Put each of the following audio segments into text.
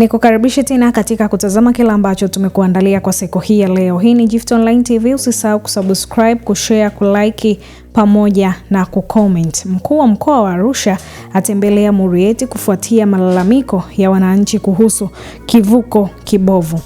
Ni kukaribishe tena katika kutazama kile ambacho tumekuandalia kwa siku hii ya leo. Hii ni Gift Online TV, usisahau kusubscribe, kushare, kulike pamoja na kucomment. Mkuu wa mkoa wa Arusha atembelea Murieti kufuatia malalamiko ya wananchi kuhusu kivuko kibovu.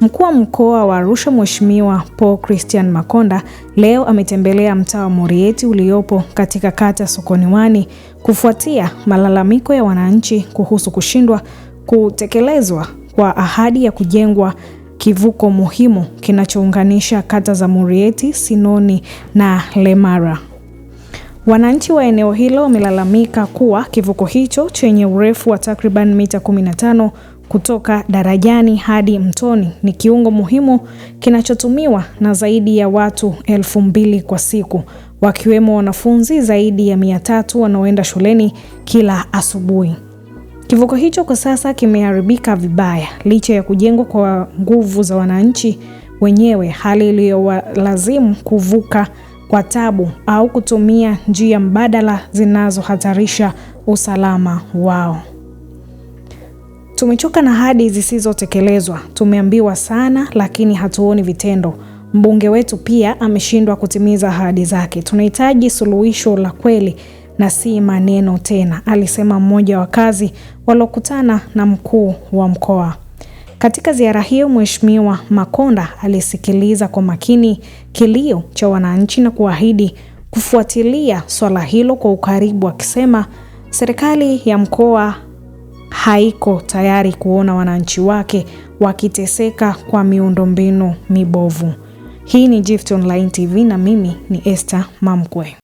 Mkuu wa mkoa wa Arusha Mheshimiwa Paul Christian Makonda leo ametembelea mtaa wa Murieti uliopo katika kata Sokoniwani kufuatia malalamiko ya wananchi kuhusu kushindwa kutekelezwa kwa ahadi ya kujengwa kivuko muhimu kinachounganisha kata za Murieti, Sinoni na Lemara. Wananchi wa eneo hilo wamelalamika kuwa kivuko hicho chenye urefu wa takriban mita 15 kutoka darajani hadi mtoni ni kiungo muhimu kinachotumiwa na zaidi ya watu elfu mbili kwa siku, wakiwemo wanafunzi zaidi ya mia tatu wanaoenda shuleni kila asubuhi. Kivuko hicho kwa sasa kimeharibika vibaya licha ya kujengwa kwa nguvu za wananchi wenyewe, hali iliyowalazimu kuvuka kwa tabu au kutumia njia mbadala zinazohatarisha usalama wao. Tumechoka na ahadi zisizotekelezwa, tumeambiwa sana lakini hatuoni vitendo. Mbunge wetu pia ameshindwa kutimiza ahadi zake. Tunahitaji suluhisho la kweli na si maneno tena, alisema mmoja wa kazi waliokutana na mkuu wa mkoa. Katika ziara hiyo, Mheshimiwa Makonda alisikiliza kwa makini kilio cha wananchi na kuahidi kufuatilia swala hilo kwa ukaribu, akisema serikali ya mkoa haiko tayari kuona wananchi wake wakiteseka kwa miundombinu mibovu. Hii ni Gift Online TV na mimi ni Esther Mamkwe.